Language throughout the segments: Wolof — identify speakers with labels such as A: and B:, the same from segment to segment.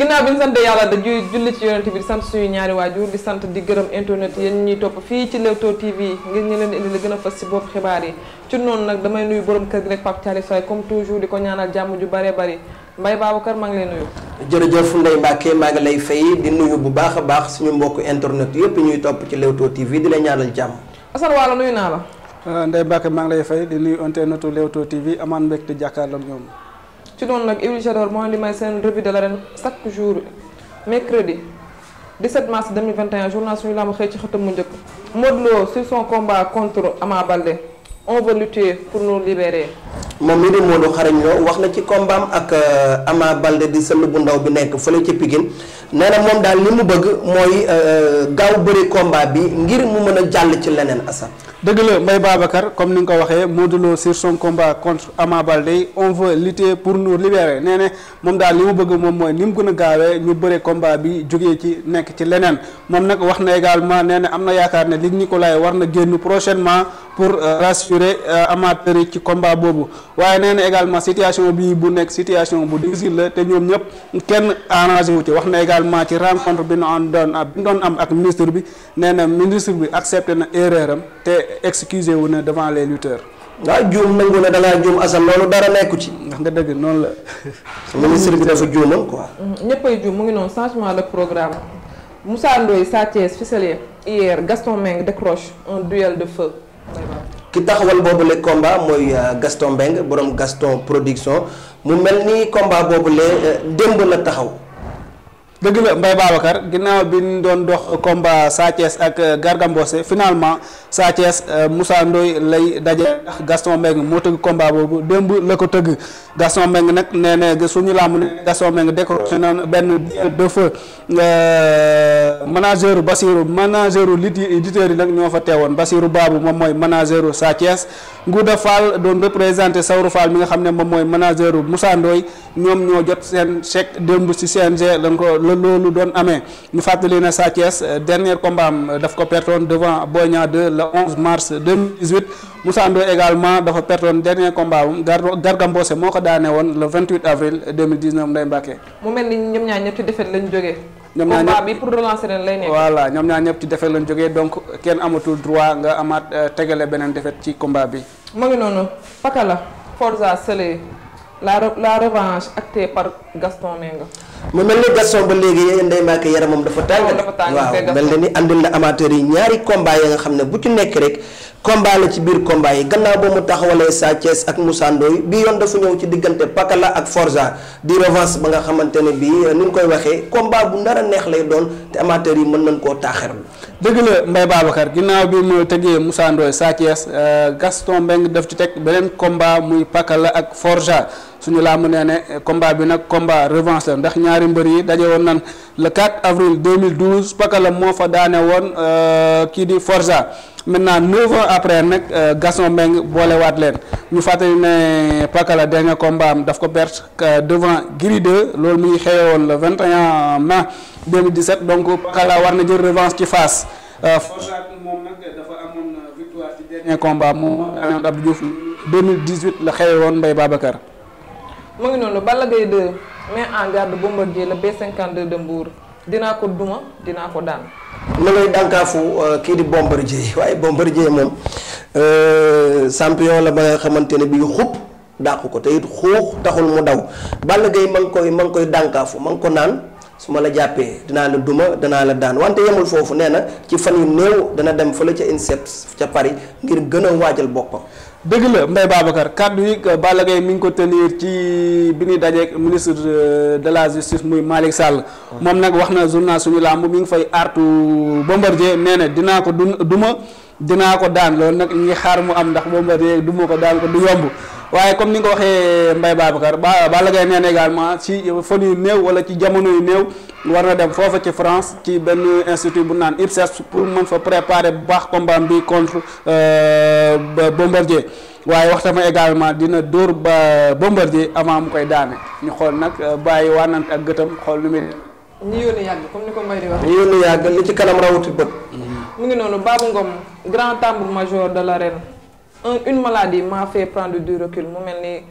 A: ginnaaw bi ñu sant yàlla da ju julli ci yonent bi di sant suñu ñaari waajur di sant di gërëm internet yéen ñuy topp fii ci Leewtoo TV ngir ñu leen indi li gën a fës si bopp xibaar comme toujours di ko ñaanal jàmm ju bare bari Mbaye Babacar maa ngi lay nuyu
B: jërëjëf Ndeye Mbacke maa ngi lay fay di nuyu bu baax a baax suñu mbokk internet yëpp ñuy topp ci Leewtoo TV di la ñaanal
C: jàmm Assane Wala nuyu naa la euh, Ndeye Mbacke maa ngi lay fay di nuyu internetu Leewtoo TV amaan mbégte
A: ci noonu nag Ibrahima Jador mooy li may seen revue de l'arène chaque jour mercredi 17 mars 2021 journal suñu lamb xëy ci xëtam mu njëkk Modou Lo sur son combat contre Ama Baldé on veut lutter pour nous libérer.
B: moom mii di Modou xarañ loo wax na ci kombaam ak euh, amaa Baldé di sëll bu ndaw bi nekk fële ca Pikine nee na moom daal li mu bëgg mooy euh, gaaw bëri combat bi ngir mu mën a jàll
C: ci leneen Assane. dëgg la Mbaye Babacar comme ni nga ko waxee Modou Lo sur son combat contre Ama Baldé on veut lutter pour nous libérer nee na moom daal li mu bëgg moom mooy ni mu gën a gaawee ñu bëre combat bi jógee ci nekk ci leneen moom nag wax na également nee na am na yaakaar ne Luc Nicolaï war na génn prochainement. pour euh, rassurer euh, amateurs yi ci combat boobu waaye nee na également situation bi bu nekk situation bu difficile la te ñoom ñëpp kenn arrangé wu ci wax na également ci rencontre bi ñu doon am ak ministre bi nee na ministre bi accepté na erreur am te excusé wu na devant les lutteurs. waaw juum nangu na dangaa juum asal loolu dara nekku ci. ndax nga dëgg noonu la. ministre bi dafa juumal quoi.
A: Mm, ñëppay juum mu ngi noonu changement de programme Moussa Ndoye Sa Thiès de feu.
B: ki taxawal boobule combat mooy euh, Gaston Mbengue borom Gaston
C: production mu mel ni combat boobule euh, démb la taxaw. dëgg la Mbaye Babacar ginnaaw bi ñu doon dox combat Sa ak euh, Garga Mbossé finalement Sa Thiès euh, Moussa Ndoye lay daje ndax Gaston Mbengue moo tëgg combat boobu démb la ko tëgg Gaston Mbengue nag nee na suñu làmb ne Gaston Mbengue décroché na benn de feu euh, manageru Basiru manageru liti éditeurs yi nag ñoo fa teewoon Basiru Baabu moom mooy manageru Sa Thiès Ngouda Fall doon représenté Sawru Fall mi nga xam ne moom mooy manageru Moussa Ndoye ñoom ñoo jot seen chèque démb ci CNG lañ ko la loolu doon amee ñu fàttali ne Sa Thiès euh, dernier combat am euh, daf ko pertoon devant Boy Niang 2 le 11 mars 2018 Moussa Ndoye également dafa pertoon dernier combat am Garga Mbossé moo ko daane woon le 28 avril 2019 Ndeye Mbacke.
A: mu mel ni ñoom ñaar ñetti défaite lañ jógee. ñoom ñaar bi pour relancer lay nekk.
C: voilà ñoom ñaar ñëpp ci défaite lañ jógee donc kenn amatul droit nga amaat euh, tegale beneen défaite ci combat bi.
A: mu ngi noonu Pakala Forza la la revanche actée par Gaston
C: mu mel ni Gaston ba léegi
B: yéen Ndeye Mbacke yaramam dafa tàng waaw mel ni andil na amateur yi ñaari combat ya nga xam ne bu ci nekk rek combat la ci biir combat yi gannaaw ba mu taxawalee Sa Thiès ak Moussa Ndoye bi yoon dafa ñëw ci diggante Pakala ak Forza di revanche ba nga xamante ne bii euh, ni koy waxee combat
C: bu nar a neex lay doon te amateur yi mën nañ koo taaxirlu dëgg la mbay Babacar ginnaaw bi mu tegee Moussa Ndoye Sa Thiès euh, Gaston Mbengue def ci teg beneen combat muy Pakala ak Forza suñu làmb nee ne eh, combat bi nag combat revanche la ndax ñaari mbër yi daje woon nan le 4 avril 2012 Pakala moo fa daane woon euh, kii di Forza maintenant 9 ans après nag euh, Gaston Mbengue boolewaat leen ñu fàttali ne Pakala dernier combat am daf ko perte euh, devant Gris 2 loolu mu ngi xëye woon le 21 mai 2017 donc Pakala war na jël revanche ci Fass. Forza moom nag dafa
A: amoon victoire ci dernier
C: combat mu Abdou Diouf 2018 la xëye woon Mbaye Babacar.
A: mu ngi noonu Balla Gaye 2 mais en garde Bombardier le B52 de Mbour dinaa ko duma dinaa ko daan.
B: ma ngay dànkaafu euh, kii di Bombardier waaye Bombardier moom euh, champion la ba nga xamante ne bii xub dàq ko te it xuux taxul mu daw Balla Gaye ma ngi koy ma ngi koy dànkaafu ma ngi ko naan. su ma la jàppee dinaa la duma danaa la daan wante yemul foofu nee na ci fan yu néew dana dem fële ca INSEP
C: ca Paris ngir gën a waajal boppam. dëgg la Mbaye Babacar kàddu yi euh, Balla Gaye mi ngi ko tenir ci euh, bi ñuy dajeeg ministre euh, de la justice muy Malick Sall. moom nag wax na journal suñu làmb mi ngi fay artu Bombardier nee na dinaa ko dun duma dinaa ko daan loolu nag ñu ngi xaar mu am ndax Bombardier duma ko daan ko du yomb. waaye comme ni nga ko waxee Mbaye Babacar ba bala Gaye nee na également ci fan yu néew wala ci jamono yu néew war na dem foofa ci France ci benn institut bu naan IPSES pour mën fa préparer bu baax combat bi contre euh, Bombardier waaye waxtama également dina dóor ba Bombardier amaa mu koy daane ñu xool nag euh, bàyyi wànnante ak gëtam xool nu muy.
A: ñi yónni yàgg comme ni ko Mbaye di wax. ñi yónni yàgg li ci kanam rawati bët. mu ngi noonu Babou Ngom une maladie m'a fait prendre du recul mu mel ni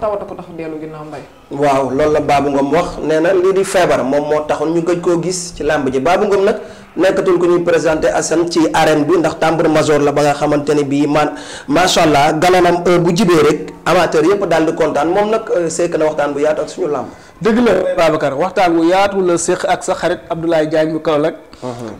A: tawata ko tax dellu ginnaaw mbay.
B: waaw loolu la Babou Ngom wax nee na lii di feebar moom moo taxoon ñu gëj koo gis ci làmb ji Babou Ngom nag nekkatul ko ñuy présenté Assane ci arène bi ndax tambour major la ba nga xamante ne bii man macha allah galonam euh, bu jibee rek amateur yëpp daal di kontaan moom nag euh, seek na waxtaan bu yaatu ak suñu làmb. dëgg la Babacar waxtaan bu yaatu la
C: séq ak sa xarit Abdoulaye Diagne bu Kaolack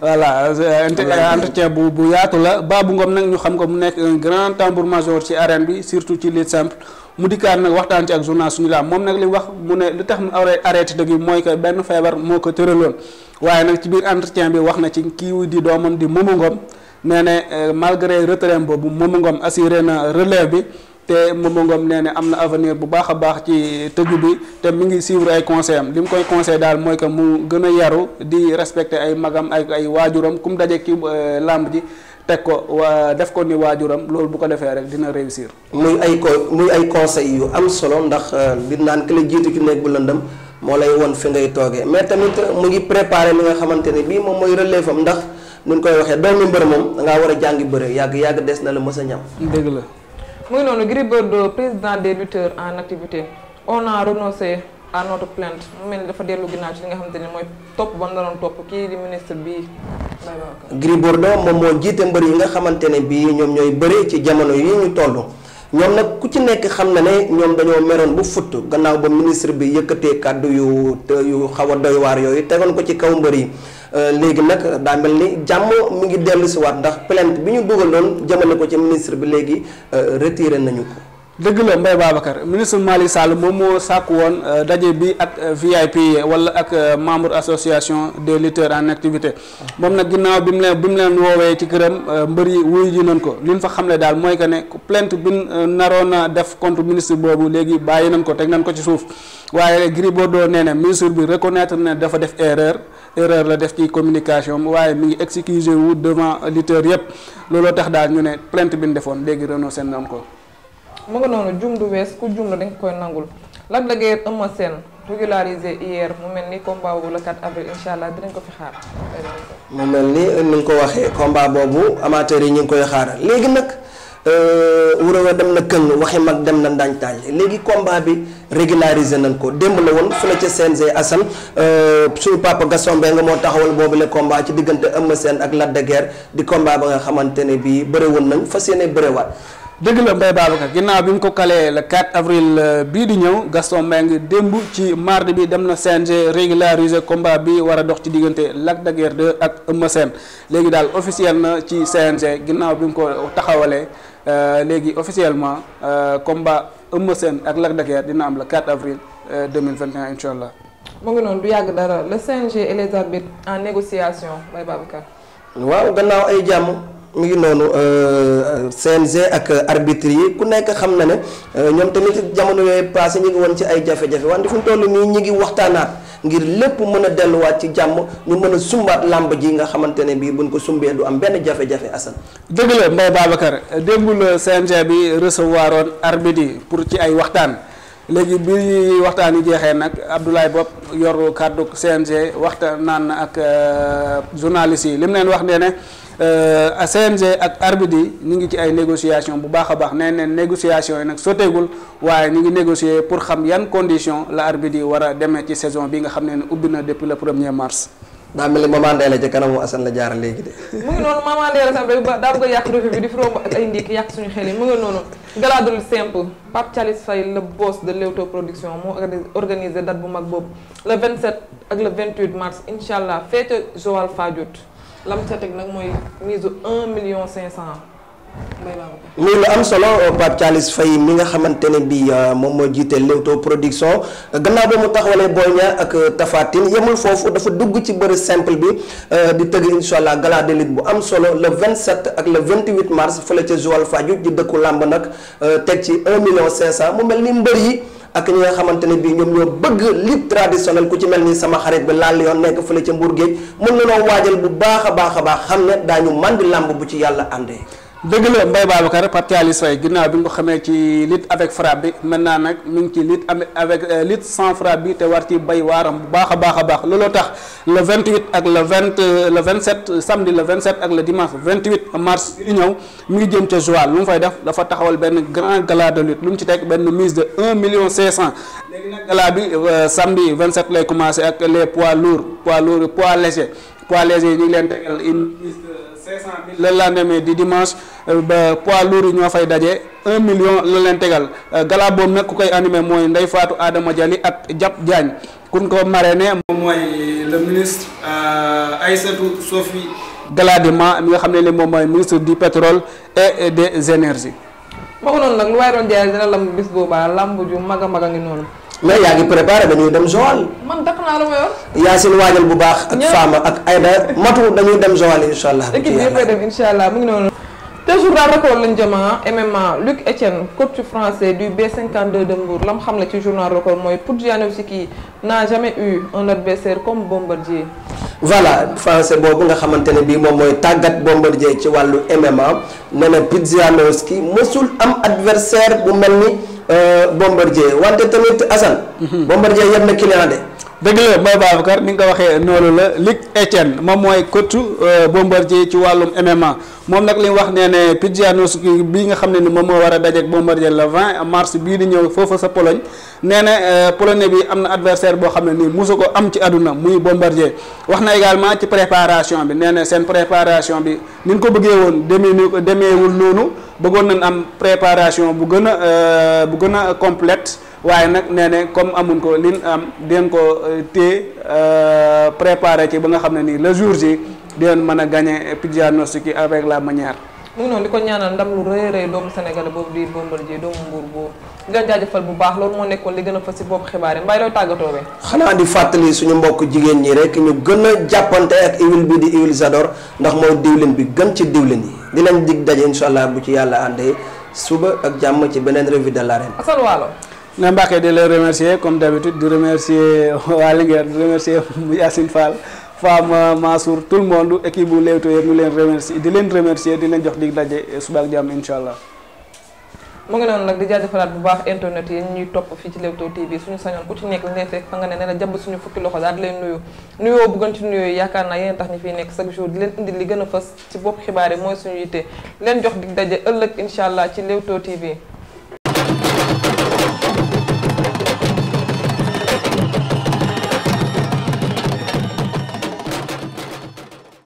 C: voilà euh, euh, entretien bu bu yaatu la baa bu Ngom nag ñu xam ko mu nekk un grand tambour-major ci arène bi surtout ci lutte simple mu dikkaat nag waxtaan ci ak journal suñu laam moom nag li wax mu ne li tax mu arrêté dëgg yi mooy que benn feebar moo ko tëraloon waaye nag ci biir entretien bi wax na ci kii di doomam di Momo Ngom nee ne euh, malgré retrait boobu Momo Ngom assuré na relève bi te Momo Ngom nee ne am na avenir bu baax a baax ci tëgg bi te mi ngi suivre ay conseil am li mu koy conseil daal mooy que mu gën a yaru di respecter ay magam ay ay waajuram kum daje ki euh, làmb ji teg ko waa def ko ni waajuram loolu bu ko defee rek dina réussir. muy ay ko muy ay conseils
B: yu am solo ndax li euh, naan ki la jiitu ci néeg bu lëndëm moo lay won fi ngay toogee mais tamit mu ngi préparer li nga xamante ne bii moom mooy relève am ndax nu ñu koy waxee doomi mbër moom ngaa war a jàngi bëre yàgg yàgg des na la mës a ñam. la.
A: muy noonu Gris Bordeaux président des lutteurs en activité on a renoncé à notre plainte mu mel ni dafa dellu ginnaaw ci li nga xamante ne mooy topp ba mu doon topp kii di ministre bi Gris moom
B: moo jiite mbër yi nga xamante ne bii ñoom ñooy bëri ci jamono yi ñu toll ñoom nag ku ci nekk xam na ne ñoom dañoo meroon bu futt gannaaw ba ministre bi yëkkatee kàddu yu yu xaw a doy waar yooyu tegoon ko ci kaw mbër yi Euh, léegi nag daa ni jàmm mu ngi dellu si waat ndax plainte bi
C: ñu dugaloon jëmale ko ci ministre bi léegi euh, retiré nañu ko dëgg la mbay Babacar ministre Malick Sall moom moo sàkk woon euh, daje bi ak euh, VIP wala ak euh, membre association des lutteurs en activité moom nag ginnaaw bi mu leen bi mu leen woowee ci këram mbër yi wuyu ji nañ ko li ñu fa xamle daal mooy que ne plainte bi naroon a def contre ministre boobu léegi bàyyi nañ ko teg nañ ko ci suuf waaye Gris Bordeaux nee na ministre bi reconnaître ne dafa def erreur erreur la def ci communication waaye mi ngi excusé wu devant lutteurs yëpp looloo tax daal ñu ne plainte bi ñu defoon léegi seen nañ ko.
A: mu nga noonu jum du wees ku jum la dañ koy nangul Lac de Guiers Eumeu Sène régularisé hier mu mel ni compa boobu le 4 avril incha allah dinañ ko fi xaar.
B: mu mel ni euh, ni nga ko waxee combat boobu amateurs yi ñu ngi koy xaaral léegi nag euh, wurawa dem na këng waxi mag dem na ndaañ taañ léegi combat bi régularisé nañ ko démb la woon fële ca CNG Assane euh, suñu papa bee nga moo taxawal boobu le combat ci diggante Eumeu Sène ak Lac de di combat ba nga xamante
C: ne bii bëre woon nañ fas yéene bërewaat. dëgg la Mbaye Babacar ginnaaw bi mu ko kalee le 4 avril euh, bii di ñëw Gaston Mbengue démb ci mardi bi dem na CNG régulariser combat bi war a dox ci diggante Lac de ak Eumeu Sène léegi daal officiel na ci CNG ginnaaw bi mu ko taxawalee euh, léegi officiellement euh, combat Eumeu seen ak Lac de dina am le 4 avril 2021 incha allah.
A: mu ngi noonu du yàgg dara le CNG et en négociation Mbaye Babacar.
C: waaw gannaaw ay jàmm. mi ngi
B: noonu euh, CNG ak arbitre yi ku nekk xam na ne euh, ñoom tamit jamono yooyu passé ñu ngi woon ci ay jafe-jafe wante fu mu toll nii ñu ngi waxtaanaat ngir lépp mën a delluwaat ci jàmm ñu mën a sumbaat làmb ji nga xamante ne bii buñ ko sumbee du am benn jafe-jafe Assane.
C: dëgg la Mbaye Babacar démb CNG bi recevoir on arbitre pour ci ay waxtaan. léegi bi waxtaan yi jeexee nag Abdoulaye Bopp yor kàddu CNG waxtaan naan na ak euh, journaliste yi li mu leen wax nee Euh, CNG ak arbitre yi ñu ngi ci ay négociation bu baax a baax nee neen négociation yi nag sotteegul waaye ñu ngi négocier pour xam yan condition la arbitre yi war a demee ci saison bi nga xam ne ne ubbi na depuis le premier
A: mars daa mel
C: ni maman Ndeye kanamu Assane la jaar léegi de.
A: mu ngi noonu maman sax daa bëgg a yàq revue bi di fi romb ak ay ndékki yàq suñu xel yi mu ngi noonu. galaadul simple Pape Thialis Faye le boss de l'auto production moo organisé mars incha allah féete Joal Fadiouth. lam ca teg nag mooy mise un million cinq cent
B: muy lu am solo Pape Thialis mi nga xamante ne bii euh, moom moo jiite Leewtoo production gannaaw bi mu taxawalee Boy Niang ak Tapha Tine yemul foofu dafa dugg ci bëri simple bi euh, di tëgg incha allah gala bu am solo le 27 ak le 28 mars fële ca Joal faj di dëkku làmb nag euh, teg ci 1 million 500 mu mel ni mbër yi. ak ñi nga xamante ne bii ñoom ñoo bëgg lutte traditionnelle ku ci mel ni sama xarit bi laal yoon nekk fële ca Mbour géej mën na noo waajal bu baax a baax a baax xam ne daañu màndi làmb bu ci yàlla àndee
C: dëgg la Mbaye Babacar Pape Thialis ginnaaw bi nga ko xamee ci lutte avec frappe bi maintenant nag mu ngi ci lutte avec euh, lutte sans bi te war ci bay waaram bu baax a baax a baax looloo tax le 28 ak le 20 euh, le 27 samedi le 27 ak le dimanche 28 mars yu ñëw mu ngi jëm ca Joal lu mu fay def dafa taxawal benn grand gala de lutte lu mu ci teg benn mise de 1 million 500 léegi nag gala bi euh, samedi 27 lay commencé ak les poids lourds poids lourds poids léger poids 500000 la la demee di dimanche euh, ba poids lourds yi ñoo fay daje 1 million la leen tegal euh, gala boobu nag ku koy animé mooy Ndeye faatu aadama Dialy ak Diap Diagne kun ko marraine moom mooy le
A: ministre euh, Aïssatou Sophie
C: Gladima mi nga xam ne li moom mooy ministre di pétrole et des énergies.
A: waxu noonu nag lu waay doon jaay dina lamb bis boobaa lamb ju mag a mag a ngi noonu. mais yaa ngi préparé dañuy dem Joal. man waajal
B: bu baax. ak Fama ak Aïda matu dañuy dem Joal incha allah. incha
A: allah mu ngi noonu. te journal record lañ jëm ah, MMA Luc Etienne coach français du B52 de Mbour xam ne ci journal record mooy Pudzianowski n'a jamais eu un adversaire comme Bombardier.
B: voilà français boobu nga xamante ne bii moom mooy tàggat Bombardier ci wàllu MMA nee na Pudzianowski mësul am adversaire bu mel ni. Euh, Bombardier
C: wante tamit Assane. Mhm. Bombardier yem na client de. dëgg la Mbaye Babacar ni nga ko waxee noonu la Luc Etienne moom mooy coach euh, Bombardier ci wàllum MMA moom nag li mu wax nee ne Pudzianowski bi nga xam ne ni moom moo war a dajeek Bombardier la 20 mars bii di ñëw foofu sa Pologne nee na euh, Polonais bi am na adversaire boo xam ne nii mosu ko am ci àdduna muy Bombardier wax na également ci préparation bi nee na seen préparation bi ni nga ko bëggee woon demee demeewul noonu bëggoon nañ am préparation bu gën a euh, bu gën a complète waaye nag nee ne comme amuñ ko liñ am den ko euh, téye euh, préparé ci ba nga xam ne nii la jour ji den man a gagné diagnostic yi avec la manière.
A: mu ngi noonu di ko ñaanal ndam lu rëy rëy doomu Sénégal boobu di Bombardier doomu Mbour boobu di la jaajëfal bu baax loolu moo nekkoon li gën a fës si bopp xibaar yi mbay looy tàggatoo be
B: xanaa di fàttali suñu mbokk jigéen ñi rek ñu gën a jàppante ak huile bi di huile Zador ndax mooy diwlin bi gën ci diwlin yi di leen dig daje incha bu ci yàlla àndee suba ak jàmm ci beneen revue de l'arène.
C: na Mbacke di la remercier comme d'habitude di remercier waa Linguère di remercier Yacine Fall Fama Mansour tout le monde équipe bu Leewtoo yëpp ñu leen remercier di leen remercier di leen jox dig daje suba ak jàmm incha allah.
A: mu ngi noonu nag di jaajëfalaat bu baax internet yi ñuy topp fii ci Leewtoo TV suñu sañoon ku ci nekk lañ lay fekk fa nga ne ne la jàpp suñu fukki loxo daal di leen nuyu nuyoo bu gën yaakaar naa yéen tax ñu fiy nekk chaque jour di leen indi li gën a fës ci bopp xibaar yi mooy incha allah ci Leewtoo TV